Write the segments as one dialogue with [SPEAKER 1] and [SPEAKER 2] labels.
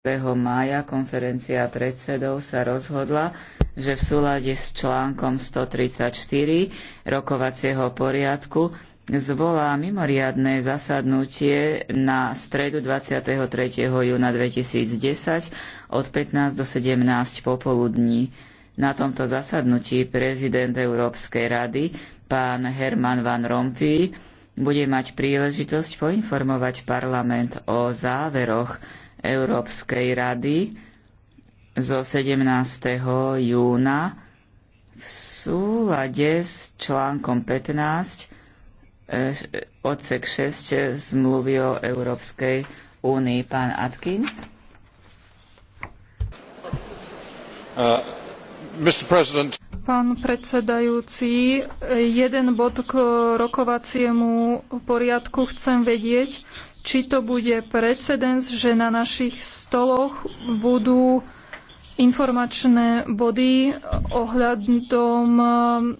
[SPEAKER 1] 1. mája konferencia predsedov sa rozhodla, že v súlade s článkom 134 rokovacieho poriadku zvolá mimoriadne zasadnutie na stredu 23. júna 2010 od 15 do 17 popoludní. Na tomto zasadnutí prezident Európskej rady pán Herman Van Rompuy bude mať príležitosť poinformovať parlament o záveroch Európskej rady zo 17. júna v súlade s článkom 15 eh, odsek 6 zmluvy o Európskej únii. Pán Atkins.
[SPEAKER 2] Uh, pán predsedajúci. Jeden bod k rokovaciemu poriadku chcem vedieť, či to bude precedens, že na našich stoloch budú informačné body ohľadom um,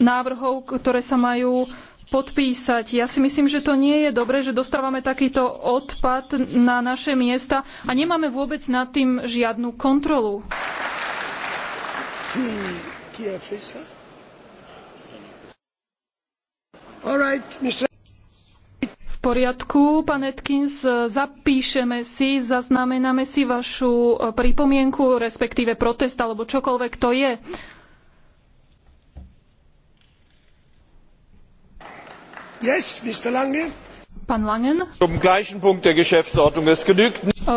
[SPEAKER 2] návrhov, ktoré sa majú podpísať. Ja si myslím, že to nie je dobré, že dostávame takýto odpad na naše miesta a nemáme vôbec nad tým žiadnu kontrolu. V poriadku, pán Atkins, zapíšeme si, zaznamenáme si vašu eh, pripomienku, respektíve protest alebo čokoľvek to je. Yes, Mr. Lange. Pán Langen? E,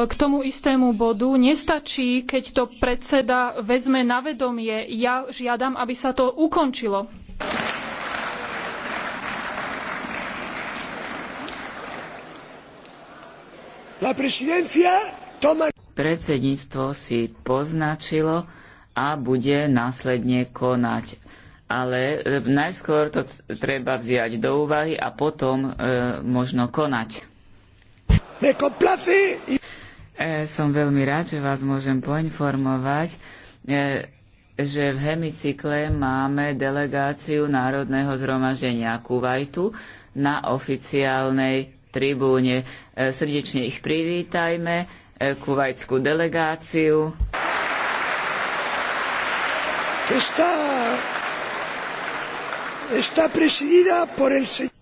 [SPEAKER 2] k tomu istému bodu nestačí, keď to predseda vezme na vedomie. Ja žiadam, aby sa to ukončilo.
[SPEAKER 1] Predsedníctvo si poznačilo a bude následne konať ale e, najskôr to treba vziať do úvahy a potom e, možno konať. E, som veľmi rád, že vás môžem poinformovať, e, že v hemicykle máme delegáciu Národného zhromaženia Kuwaitu na oficiálnej tribúne. E, srdečne ich privítajme, e, kuvajskú delegáciu. Está está presidida por el señor